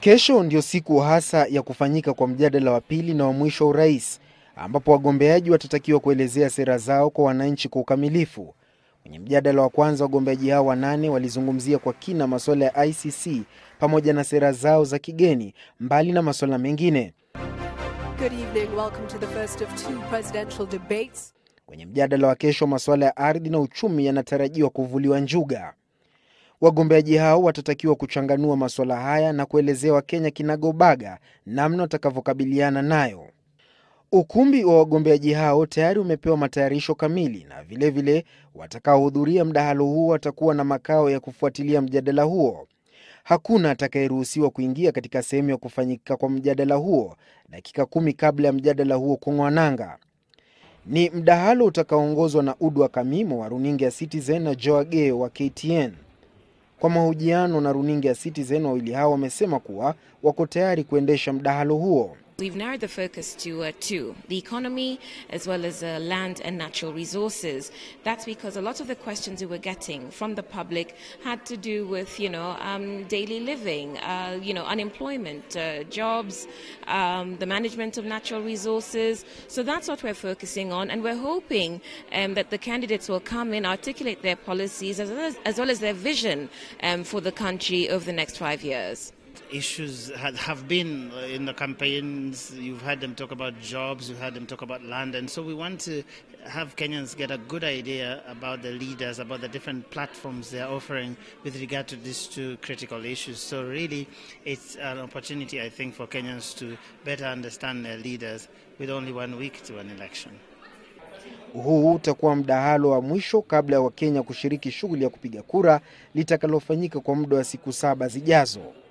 Kesho ndio siku hasa ya kufanyika kwa mjadala wa pili na wa mwisho wa urais, ambapo wagombeaji watatakiwa kuelezea sera zao kwa wananchi kwa ukamilifu. Kwenye mjadala wa kwanza, wagombeaji hao wanane walizungumzia kwa kina masuala ya ICC pamoja na sera zao za kigeni, mbali na masuala mengine. Good evening. Welcome to the first of two presidential debates. Kwenye mjadala wa kesho, masuala ya ardhi na uchumi yanatarajiwa kuvuliwa njuga. Wagombeaji hao watatakiwa kuchanganua masuala haya na kuelezea Wakenya kinagobaga namna watakavyokabiliana nayo. Ukumbi wa wagombeaji hao tayari umepewa matayarisho kamili, na vilevile watakaohudhuria mdahalo huo watakuwa na makao ya kufuatilia mjadala huo. Hakuna atakayeruhusiwa kuingia katika sehemu ya kufanyika kwa mjadala huo dakika kumi kabla ya mjadala huo kung'oa nanga. Ni mdahalo utakaoongozwa na Udwa Kamimo wa runinga ya Citizen na Joageo wa KTN. Kwa mahojiano na runinga ya Citizen, wawili hao wamesema kuwa wako tayari kuendesha mdahalo huo. we've narrowed the focus to uh, two the economy as well as uh, land and natural resources. That's because a lot of the questions we were getting from the public had to do with, you know, um, daily living, uh, you know, unemployment, uh, jobs, um, the management of natural resources. So that's what we're focusing on, and we're hoping um, that the candidates will come in, articulate their policies as well as, as, well as their vision um, for the country over the next five years. issues have been in the campaigns. You've had them talk about jobs, you've had them talk about land, and so we want to have Kenyans get a good idea about the leaders, about the different platforms they're offering with regard to these two critical issues. So, really, it's an opportunity, I think, for Kenyans to better understand their leaders with only one week to an election. Huu utakuwa mdahalo wa mwisho kabla ya Wakenya kushiriki shughuli ya kupiga kura litakalofanyika kwa muda wa siku saba zijazo.